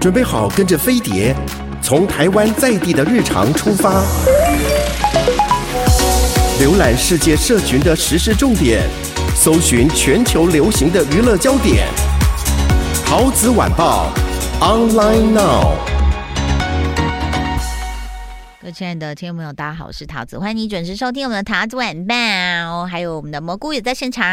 準備好，跟着飛碟，從台灣在地的日常出發，瀏覽世界社群的時事重點，搜尋全球流行的娛樂焦點。陶子晚報，online now。各位親愛的聽眾朋友，大家好，我是陶子，歡迎你準時收聽我們的陶子晚報哦，還有我們的蘑菇也在現場。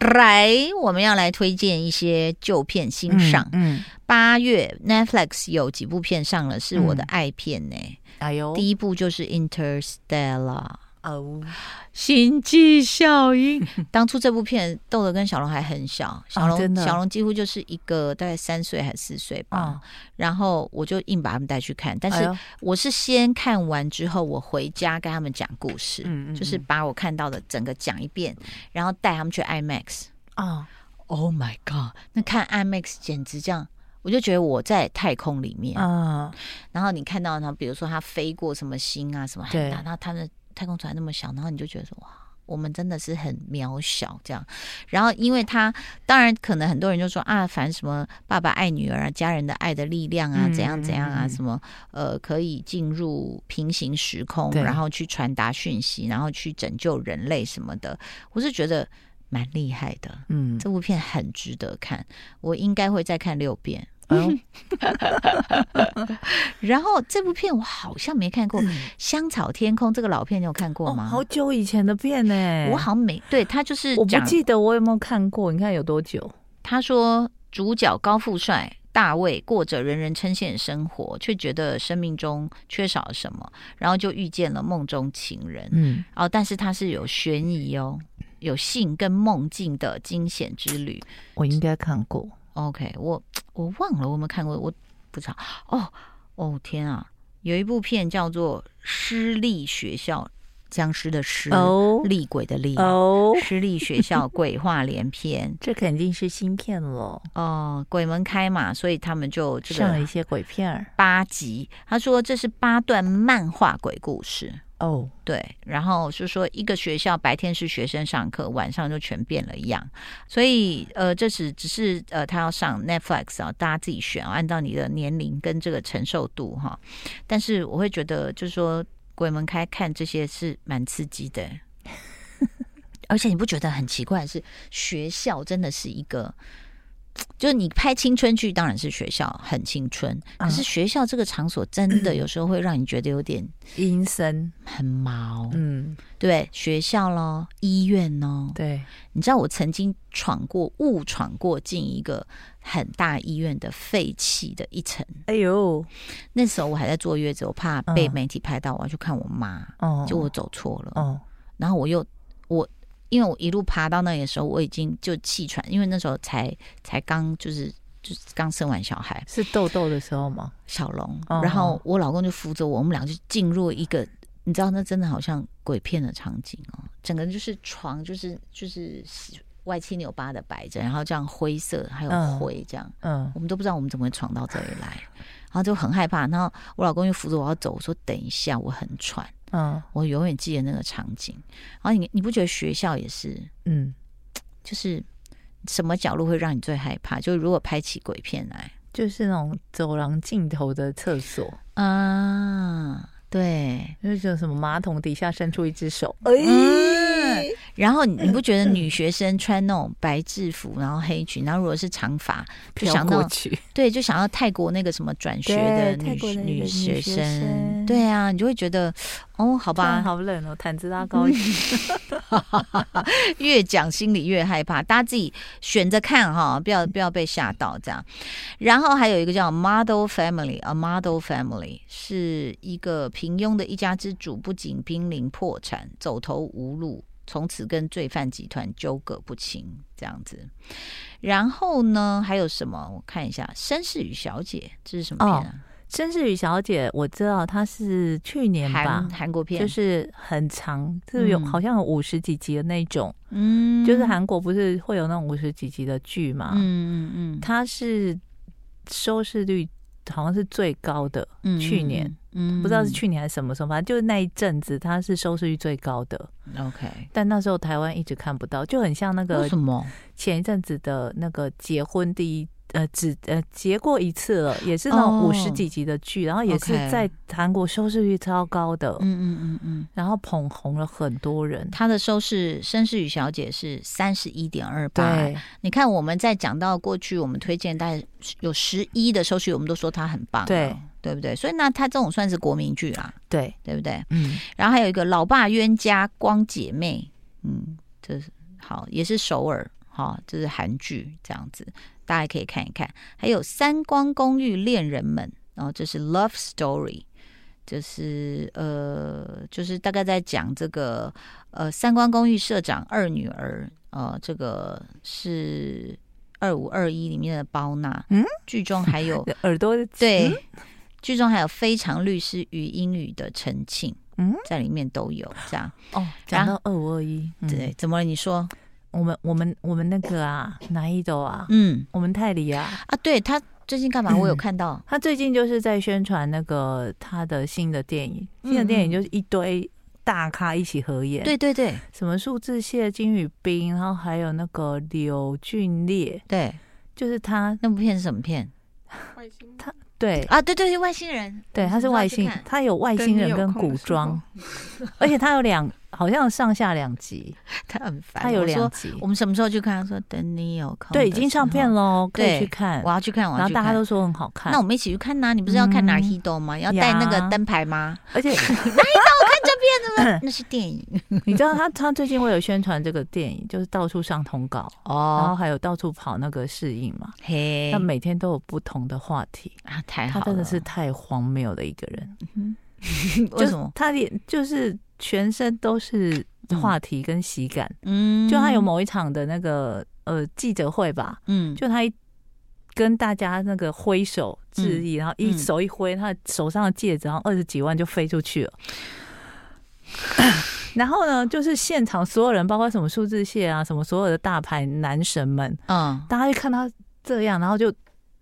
來，我們要來推薦一些舊片欣賞，嗯。嗯八月 Netflix 有幾部片上了，是我的愛片呢、欸嗯。哎呦，第一部就是《Interstellar》哦，《星際效應》。當初這部片 豆豆跟小龍還很小，小龍、啊、真的？小龍幾乎就是一個大概三歲還四歲吧、哦。然後我就硬把他們帶去看，但是我是先看完之後，我回家跟他們講故事嗯嗯嗯，就是把我看到的整個講一遍，然後帶他們去 IMAX 啊、哦。Oh my god！那看 IMAX 簡直這樣。我就覺得我在太空裡面，啊、然後你看到，然後比如說他飛過什麼星啊，什麼海大，那他的太空船那麼小，然後你就覺得說哇，我們真的是很渺小這樣。然後因為他，當然可能很多人就說啊，凡什麼爸爸愛女兒啊，家人的愛的力量啊，怎、嗯、樣怎樣啊，嗯、什麼呃，可以進入平行時空，然後去傳達訊息，然後去拯救人類什麼的，我是覺得蠻厲害的。嗯，這部片很值得看，我應該會再看六遍。哎、 然後，這部片我好像沒看過，《香草天空》這個老片，你有看過嗎、哦？好久以前的片哎、欸，我好沒，對他就是我不記得我有沒有看過，你看有多久？他說主角高富帥大衛過着人人稱羨生活，卻覺得生命中缺少了什麼，然後就遇見了夢中情人。嗯，哦，但是他是有懸疑哦，有性跟夢境的驚險之旅。我應該看過。OK，我我忘了，我沒有看過，我不知道。哦哦天啊，有一部片叫做《屍厲學校僵屍的屍、oh, 厲鬼的厲、啊》，屍厲學校鬼話連篇， 這肯定是新片咯。哦，鬼門開嘛，所以他們就上了一些鬼片兒，八集。他說這是八段漫畫鬼故事。哦、oh.，對，然後就是說，一個學校白天是學生上課，晚上就全變了一樣，所以呃，這是只是呃，他要上 Netflix 啊、哦，大家自己選、哦，按照你的年齡跟這個承受度哈、哦。但是我會覺得，就是說鬼門開看這些是蠻刺激的， 而且你不覺得很奇怪？是學校真的是一個。就是你拍青春劇，當然是學校很青春。啊、可是學校這個場所真的有時候會讓你覺得有點陰森、很毛。嗯，對，學校咯，醫院哦。對，你知道我曾經闖過、誤闖過進一個很大醫院的廢棄的一層。哎呦，那時候我還在坐月子，我怕被媒體拍到，嗯、我要去看我媽。哦、嗯，就我走錯了。哦、嗯，然後我又我。因為我一路爬到那裡的時候，我已經就氣喘，因為那時候才才剛就是就是剛生完小孩，是豆豆的時候嗎？小龍、嗯，然後我老公就扶着我，我們倆就進入一個，你知道那真的好像鬼片的場景哦，整個就是床就是就是歪七扭八的擺着，然後這樣灰色還有灰這樣嗯，嗯，我們都不知道我們怎麼會闖到這裡來，然後就很害怕，然後我老公就扶着我要走，我說等一下，我很喘。嗯，我永遠記得那個場景。然後你你不覺得學校也是嗯，就是什麼角落會讓你最害怕？就如果拍起鬼片來，就是那種走廊盡頭的廁所啊，對，就是什麼馬桶底下伸出一隻手，哎呀。嗯然後你不覺得女學生穿那種白制服， 然後黑裙，然後如果是長髮，就想到 對，就想到泰國那個什麼轉學的女的女學生女學生，對啊，你就會覺得哦，好吧，好冷哦，毯子拉高一點。 越講心裡越害怕，大家自己選着看哈、哦，不要不要被嚇到這樣。然後還有一個叫 Model Family a Model Family 是一個平庸的一家之主，不僅瀕臨破產，走投無路。從此跟罪犯集團糾葛不清，這樣子。然後呢，還有什麼？我看一下，《紳士與小姐》這是什麼片啊？哦，《紳士與小姐》，我知道它是去年吧，韓國片，就是很長，就是有好像有五十幾集的那種。嗯，就是韓國不是會有那種五十幾集的劇嘛？嗯嗯嗯，它是收視率。好像是最高的，嗯、去年、嗯，不知道是去年還是什麼時候，反正就是那一陣子，它是收視率最高的。OK，但那時候台灣一直看不到，就很像那個什麼前一陣子的那個結婚第一。呃，只呃結過一次了，也是那種五十幾集的劇，oh, okay. 然後也是在韓國收視率超高的，嗯嗯嗯嗯，然後捧紅了很多人。他的收視《紳士與小姐是》是三十一點二八，你看我們在講到過去，我們推薦大概有十一的收視，我們都說她很棒，對對不對？所以那它這種算是國民劇啊，對對不對？嗯。然後還有一個《老爸冤家光姐妹》，嗯，這是好，也是首爾哈、哦，這是韓劇這樣子。大家可以看一看，還有《三光公寓戀人們》，哦，這、就是 Love Story，就是呃，就是大概在講這個呃，《三光公寓》社長二女兒，呃，這個是二五二一裡面的包娜，嗯，劇中還有， 有耳朵，對、嗯，劇中還有非常律師禹英禑的陳慶，嗯，在裡面都有這樣，哦，講到二五二一，對，怎麼了？你說。我們我們我們那個啊，哪一周啊？嗯，我們泰迪啊。啊對，對他最近幹嘛、嗯？我有看到，他最近就是在宣傳那個他的新的電影，嗯、新的電影就是一堆大咖一起合演。嗯、對對對，什麼數字蟹金宇彬，然後還有那個柳俊烈。對，就是他那部片是什麼片？外星。他對啊，對啊對對，外星人。對，他是外星人，他有外，外星人跟古裝，而且他有兩個。好像上下兩集，他很煩。他有兩集，我們什麼時候去看？他說等你有空，對，已經上片嘍。可以去看，去看。我要去看，然後大家都說很好看，那我們一起去看吶、啊！你不是要看《哪一道》嗎？嗯、要帶那個燈牌嗎？而且你一道看邊片嗎？ 那是電影。你知道他他最近會有宣傳這個電影，就是到處上通告哦，然後還有到處跑那個試映嘛，嘿，那每天都有不同的話題啊，太好了，他真的是太荒謬的一個人。嗯為什麼他也就是全身都是話題跟喜感？嗯，就他有某一場的那個呃記者會吧，嗯，就他一跟大家那個揮手致意，然後一手一揮，他手上的戒指，然後二十幾萬就飛出去了。然後呢，就是現場所有人，包括什麼數字線啊，什麼所有的大牌男神們，嗯，大家一看他這樣，然後就。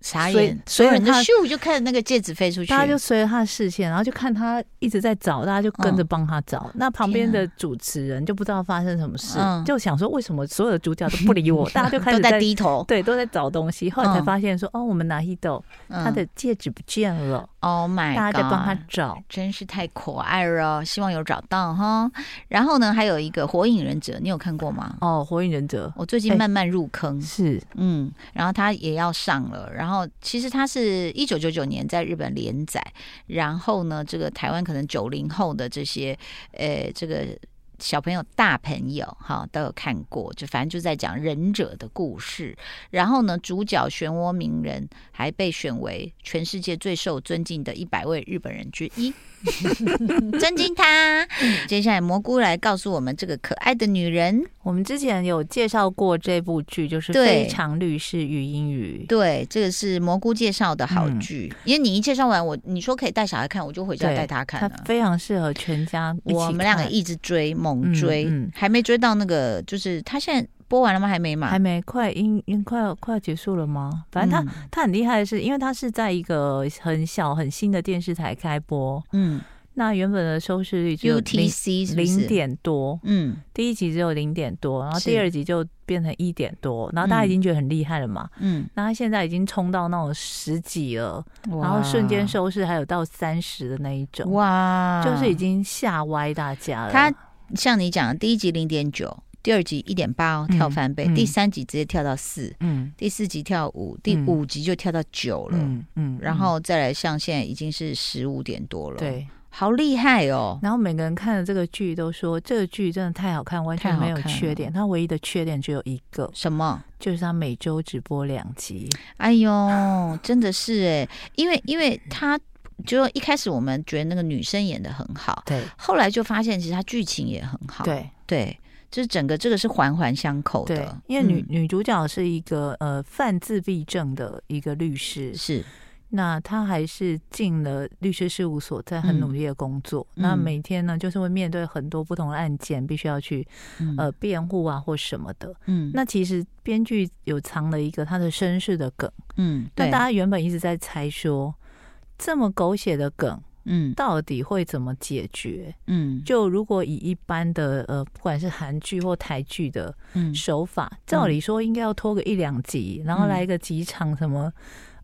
傻眼，所以他的咻就看着那個戒指飛出去，大家就隨着他的視線，然後就看他一直在找，大家就跟着幫他找。嗯、那旁邊的主持人就不知道發生什麼事、嗯，就想說為什麼所有的主角都不理我，嗯、大家就開始在，都在低頭，對，都在找東西。後來才發現說，嗯、哦，我們拿一豆，他的戒指不見了。Oh my god！大家在幫他找，真是太可愛了。希望有找到哈。然後呢，還有一個《火影忍者》，你有看過嗎？哦，《火影忍者》，我最近慢慢入坑、欸。是，嗯，然後他也要上了。然後其實他是一九九九年在日本連載，然後呢，這個台灣可能九零後的這些，呃，這個。小朋友、大朋友，哈，都有看過，就反正就在講忍者的故事。然後呢，主角漩渦鳴人還被選為全世界最受尊敬的一百位日本人之一。 尊敬他。嗯、接下來，蘑菇來告訴我們這個可愛的女人。我們之前有介紹過這部劇，就是《非常律師禹英禑》對，對，這個是蘑菇介紹的好劇，嗯、因為你一介紹完我，我你說可以帶小孩看，我就回家帶他看，他非常適合全家，啊。我們兩個一直追，猛追，嗯嗯，還沒追到那個，就是他現在播完了嗎？還沒嗎？還沒，快，因因快，快應應快要快要結束了嗎？反正他，嗯、他很厲害的是，因為他是在一個很小很新的電視台開播，嗯。那原本的收視率就零是是零點多，嗯，第一集只有零點多，嗯、然後第二集就變成一點多，然後大家已經覺得很厲害了嘛，嗯，那他現在已經衝到那種十幾了，然後瞬間收視還有到三十的那一種，哇，就是已經嚇歪大家了。他像你講的，第一集零點九，第二集一點八哦跳翻倍、嗯，第三集直接跳到四，嗯，第四集跳五、嗯，第五集就跳到九了，嗯，然後再來像現在已經是十五點多了，嗯嗯嗯、對。好厲害哦！然後每個人看了這個劇都說，這個劇真的太好看，完全沒有缺點。它唯一的缺點只有一個，什麼？就是它每周只播兩集。哎呦，真的是哎、欸， 因為因為它就一開始我們覺得那個女生演得很好，對，後來就發現其實它劇情也很好。對對，就是整個這個是環環相扣的對。因為女、嗯、女主角是一個呃，犯自閉症的一個律師。是。那他還是進了律師事務所，在很努力的工作。那、嗯嗯、每天呢，就是會面對很多不同的案件，必須要去、嗯、呃辯護啊或什麼的。嗯，那其實編劇有藏了一個他的身世的梗。嗯，對。但大家原本一直在猜說，這麼狗血的梗，嗯，到底會怎麼解決？嗯，就如果以一般的呃，不管是韓劇或台劇的手法、嗯，照理說應該要拖個一兩集、嗯，然後來一個幾場什麼。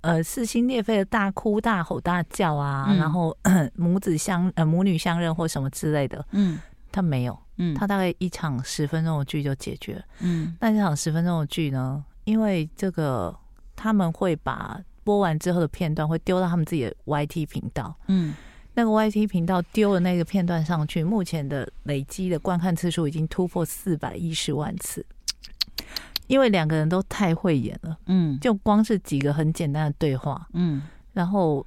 呃，撕心裂肺的大哭、大吼、大叫啊，嗯、然後母子相呃母女相認或什麼之類的，嗯，他沒有，嗯，他大概一場十分鐘的劇就解決，嗯，那這場十分鐘的劇呢，因為這個他們會把播完之後的片段會丟到他們自己的 YT 頻道，嗯，那個 YT 頻道丟的那個片段上去，目前的累積的觀看次數已經突破四百一十萬次。因為兩個人都太會演了，嗯，就光是幾個很簡單的對話，嗯，然後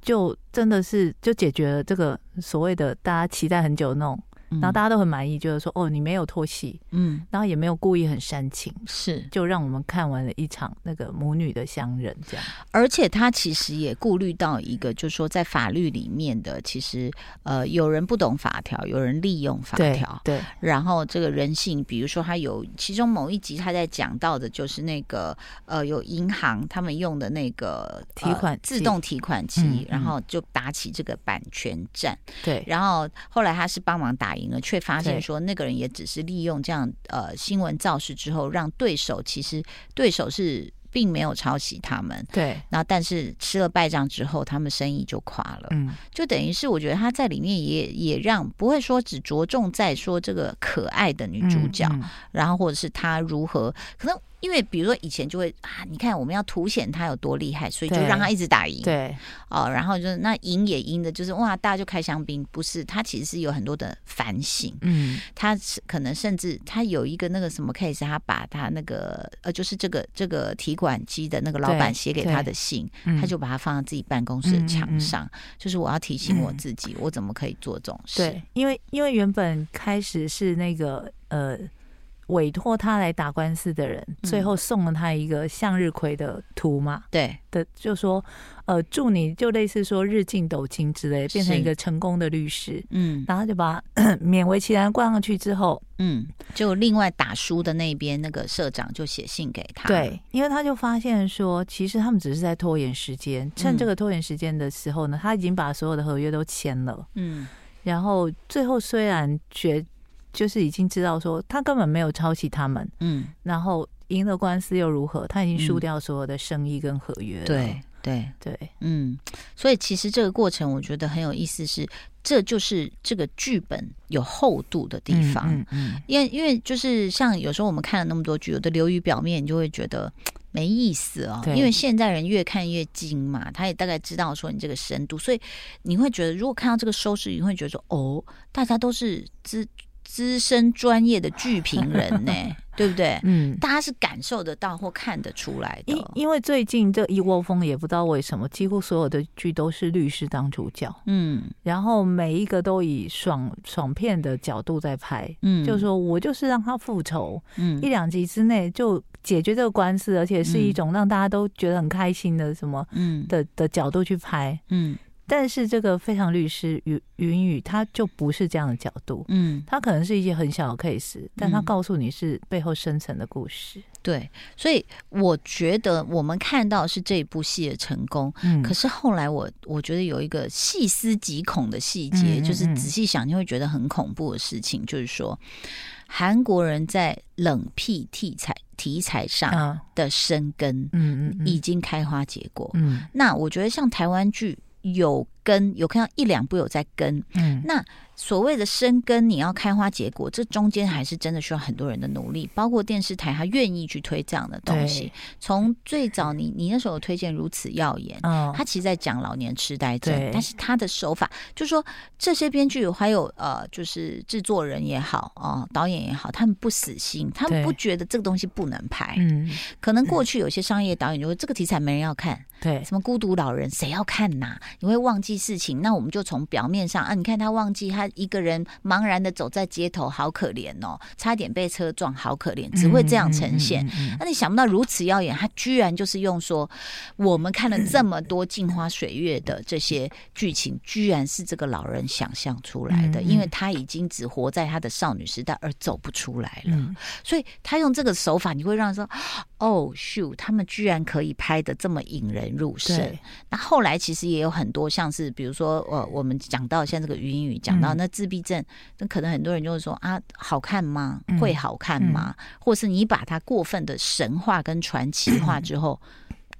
就真的是就解決了這個所謂的大家期待很久的那種。然後大家都很滿意，就、嗯、是說哦，你沒有拖戲，嗯，然後也沒有故意很煽情，是就讓我們看完了一場那個母女的相認這樣。而且他其實也顧慮到一個，就是說在法律裡面的，其實呃有人不懂法條，有人利用法條，對。然後這個人性，比如說他有其中某一集他在講到的，就是那個呃有銀行他們用的那個、呃、提款自動提款機、嗯嗯，然後就打起這個版權戰，對。然後後來他是幫忙打。卻發現說，那個人也只是利用這樣呃新聞造勢之後，讓對手其實對手是並沒有抄襲他們，對，然後但是吃了敗仗之後，他們生意就垮了，嗯，就等於是我覺得他在裡面也也讓不會說只着重在說這個可愛的女主角，嗯嗯、然後或者是她如何可能。因為比如說以前就會啊，你看我們要凸顯他有多厲害，所以就讓他一直打贏。對，對哦，然後就是那贏也贏的，就是哇，大家就開香檳。不是，他其實是有很多的反省。嗯，他是可能甚至他有一個那個什麼 case，他把他那個呃，就是這個這個提款機的那個老闆寫給他的信，嗯、他就把它放在自己辦公室的牆上、嗯嗯。就是我要提醒我自己，嗯、我怎麼可以做這種事？因為因為原本開始是那個呃。委託他來打官司的人、嗯，最後送了他一個向日葵的圖嘛？對的，就說，呃，祝你就類似說日進斗金之類，變成一個成功的律師。嗯，然後就把勉 為其難掛上去之後，嗯，就另外打輸的那邊那個社長就寫信給他。對，因為他就發現說，其實他們只是在拖延時間，趁這個拖延時間的時候呢、嗯，他已經把所有的合約都簽了。嗯，然後最後雖然覺。就是已經知道說他根本沒有抄襲他們，嗯，然後贏了官司又如何？他已經輸掉所有的生意跟合約了，嗯、對對對，嗯。所以其實這個過程我覺得很有意思是，是這就是這個劇本有厚度的地方，嗯。嗯嗯因為因為就是像有時候我們看了那麼多劇，有的流於表面，你就會覺得沒意思哦。因為現在人越看越精嘛，他也大概知道說你這個深度，所以你會覺得如果看到這個收視，你會覺得說哦，大家都是知。資深專業的劇評人呢、欸， 對不對？嗯，大家是感受得到或看得出來的。因，因為最近這一窩蜂，也不知道為什麼，幾乎所有的劇都是律師當主角，嗯，然後每一個都以爽爽片的角度在拍，嗯，就是說我就是讓他復仇，嗯，一兩集之內就解決這個官司，而且是一種讓大家都覺得很開心的什麼的，嗯的的角度去拍，嗯。但是這個非常律師禹英禑他就不是這樣的角度，嗯，他可能是一些很小的 case，但他告訴你是背後深層的故事，嗯。對，所以我覺得我們看到是這一部戲的成功，嗯，可是後來我我覺得有一個細思極恐的細節，嗯，就是仔細想你會，嗯嗯，覺得很恐怖的事情，就是說韓國人在冷僻題材題材上的生根，嗯嗯，已經開花結果，嗯嗯，嗯，那我覺得像台灣劇。有跟有看到一兩部有在跟，嗯，那。所謂的生根，你要開花結果，這中間還是真的需要很多人的努力，包括電視台，他願意去推這樣的東西。從最早你，你你那時候推薦《如此耀眼》哦，他其實在講老年癡呆症，但是他的手法就是、說這些編劇還有呃，就是制作人也好哦、呃，導演也好，他們不死心，他們不覺得這個東西不能拍。嗯，可能過去有些商業導演就會、嗯、這個題材沒人要看，對，什麼孤獨老人誰要看吶、啊？你會忘記事情，那我們就從表面上啊，你看他忘記他。一個人茫然的走在街頭，好可憐哦！差點被車撞，好可憐，只會這樣呈現，嗯嗯嗯嗯。那你想不到如此耀眼，他居然就是用說我們看了這麼多鏡花水月的這些劇情，嗯，居然是這個老人想象出來的，嗯嗯，因為他已經只活在他的少女時代而走不出來了，嗯，所以他用這個手法，你會讓他讓說。哦，秀，他們居然可以拍得這麼引人入勝那後來其實也有很多，像是比如說，呃，我們講到像這個禹英禑講到那自閉症、嗯，那可能很多人就會說啊，好看嗎？會好看嗎？嗯嗯、或是你把它過分的神話跟傳奇化之後。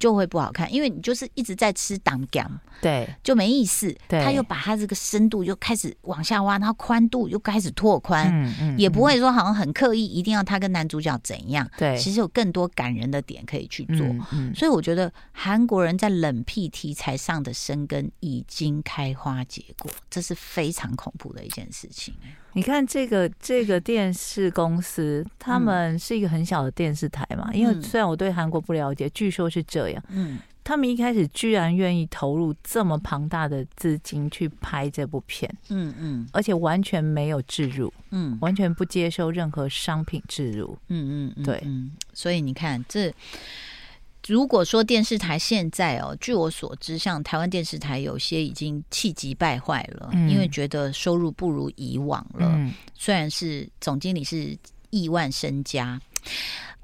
就會不好看，因為你就是一直在吃檔槓，對，就沒意思對。他又把他這個深度又開始往下挖，然後寬度又開始拓寬，嗯嗯，也不會說好像很刻意一定要他跟男主角怎樣，對，其實有更多感人的點可以去做。嗯嗯，所以我覺得韓國人在冷僻題材上的深耕已經開花結果，這是非常恐怖的一件事情。你看這個這個電視公司，他們是一個很小的電視台嘛？嗯，因為雖然我對韓國不了解，據說是這樣。嗯，他們一開始居然願意投入這麼龐大的資金去拍這部片。嗯嗯，而且完全沒有置入。嗯，完全不接受任何商品置入。嗯嗯，對。所以你看這。如果說電視台現在哦，據我所知，像台灣電視台有些已經氣急敗壞了，嗯、因為覺得收入不如以往了。嗯、雖然是總經理是億萬身家，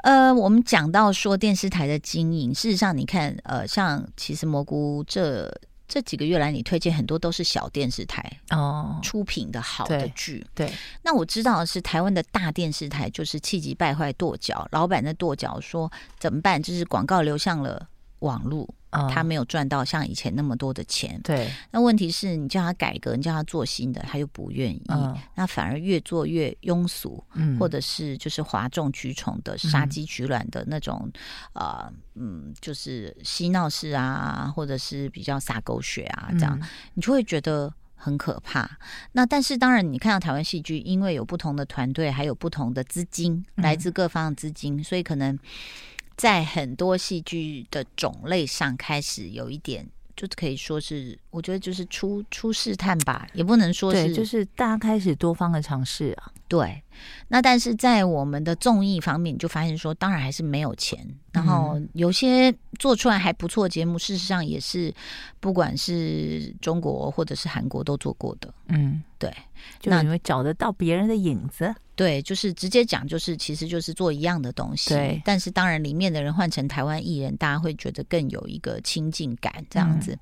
呃，我們講到說電視台的經營，事實上你看，呃，像其實蘑菇這。這幾個月來，你推薦很多都是小電視台哦出品的好的劇。對，對，那我知道是台灣的大電視台，就是氣急敗壞跺腳，老板在跺腳說怎麼辦？就是廣告流向了網絡。他沒有賺到像以前那麼多的錢。對、哦。那問題是你叫他改革，你叫他做新的，他又不願意。哦、那反而越做越庸俗，嗯、或者是就是嘩眾取寵的、殺雞取卵的那種啊、嗯呃，嗯，就是嬉鬧式啊，或者是比較撒狗血啊，這樣、嗯、你就會覺得很可怕。那但是當然，你看到台灣戲劇，因為有不同的團隊，還有不同的資金，來自各方的資金，嗯、所以可能。在很多戲劇的種類上，開始有一點，就可以說是，我覺得就是初初試探吧，也不能說是，對，就是大家開始多方的嘗試啊。對，那但是在我們的綜藝方面，你就發現說，當然還是沒有錢。然後有些做出來還不錯的節目、嗯，事實上也是不管是中國或者是韓國都做過的。嗯，對，那你們找得到別人的影子。對，就是直接講，就是其實就是做一樣的東西。對，但是當然裡面的人換成台灣藝人，大家會覺得更有一個親近感這樣子。嗯、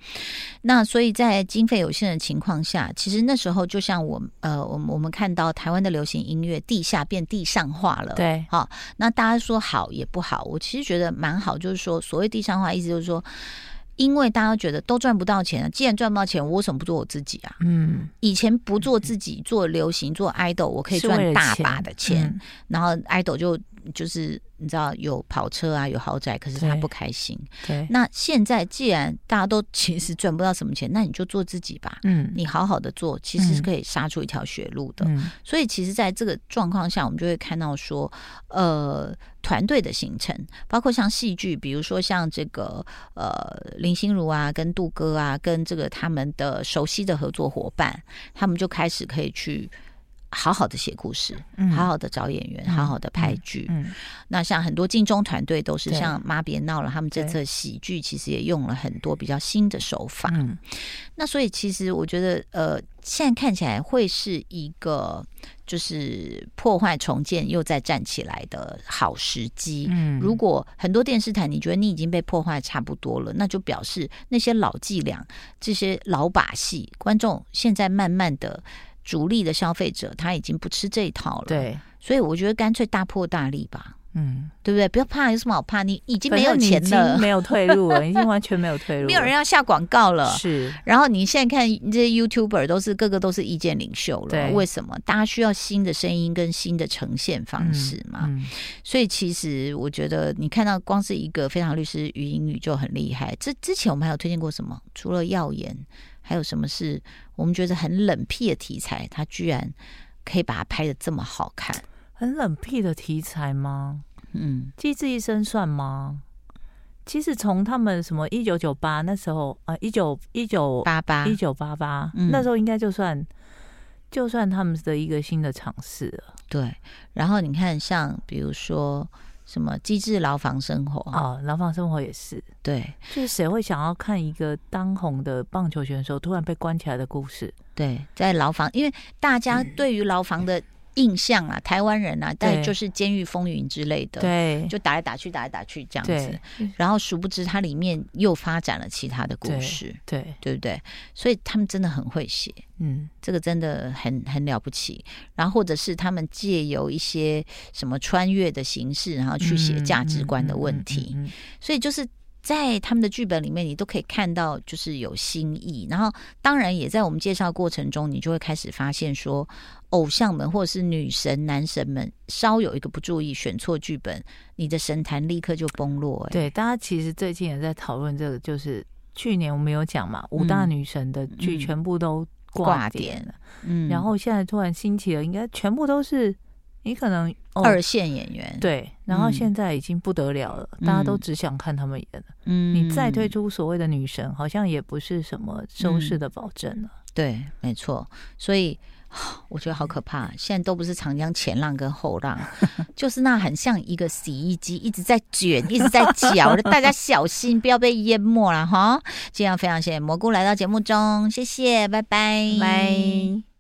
那所以在經費有限的情況下，其實那時候就像我呃，我我們看到台灣的流行音樂地下變地上化了，對，好，那大家說好也不好，我其實覺得蠻好，就是說所謂地上化，意思就是說，因為大家都覺得都賺不到錢了、啊，既然賺不到錢，我為什麼不做我自己啊？嗯，以前不做自己，嗯、做流行，做愛豆，我可以賺大把的錢，錢嗯、然後愛豆就。就是你知道有跑車啊，有豪宅，可是他不開心。對，那現在既然大家都其實賺不到什麼錢，那你就做自己吧。嗯，你好好的做，其實是可以殺出一條血路的。所以其實，在這個狀況下，我們就會看到說，呃，團隊的形成，包括像戲劇，比如說像這個呃林心如啊，跟杜哥啊，跟這個他們的熟悉的合作夥伴，他們就開始可以去。好好的寫故事，好好的找演員，嗯、好好的拍劇、嗯嗯嗯。那像很多金鐘團隊都是像《媽別鬧了》，他們這次喜劇其實也用了很多比較新的手法。那所以其實我覺得，呃，現在看起來會是一個就是破壞重建又再站起來的好時機、嗯。如果很多電視台你覺得你已經被破壞差不多了，那就表示那些老伎倆、這些老把戲，觀眾現在慢慢的。主力的消費者他已經不吃這一套了，對，所以我覺得乾脆大破大立吧。嗯，對不對？不要怕，有什麼好怕？你已經沒有錢了，已經沒有退路了， 已經完全沒有退路了。沒有人要下廣告了，是。然後你現在看這些 YouTuber 都是各個都是意見領袖了，為什麼？大家需要新的聲音跟新的呈現方式嘛？嗯嗯、所以其實我覺得你看到光是一個非常律師禹英禑就很厲害。這之前我們還有推薦過什麼？除了耀眼還有什麼是我們覺得很冷僻的題材？他居然可以把它拍得這麼好看。很冷僻的題材嗎？嗯，機智醫生算嗎？嗯、其實從他們什麼一九九八那時候啊，一九一九八八一九八八那時候應該就算，就算他們的一個新的嘗試了。對，然後你看像比如說什麼機智牢房生活啊、哦，牢房生活也是。對，就是誰會想要看一個當紅的棒球選手突然被關起來的故事？對，在牢房，因為大家對於牢房的、嗯。嗯印象啊，台灣人啊，但是就是《監獄風雲》之類的，對，就打來打去，打來打去這樣子。然後，殊不知它裡面又發展了其他的故事。對。對，對不對？所以他們真的很會寫，嗯，這個真的很很了不起。然後，或者是他們借由一些什麼穿越的形式，然後去寫價值觀的問題。嗯。嗯，嗯，嗯，嗯，所以，就是在他們的劇本裡面，你都可以看到，就是有新意。然後，當然，也在我們介紹過程中，你就會開始發現說。偶像們，或者是女神、男神們，稍有一個不注意，選錯劇本，你的神壇立刻就崩落。欸。對，大家其實最近也在討論這個，就是去年我們有講嘛，五大女神的劇全部都掛點，嗯，掛點嗯，然後現在突然興起了，應該全部都是你可能、哦、二線演員對，然後現在已經不得了了，嗯、大家都只想看他們演嗯，你再推出所謂的女神，好像也不是什麼收視的保證了。嗯、對，沒錯，所以。我覺得好可怕，現在都不是長江前浪跟後浪， 就是那很像一個洗衣機一直在捲，一直在攪， 大家小心不要被淹沒了哈！今天非常謝謝蘑菇來到節目中，謝謝，拜拜，拜。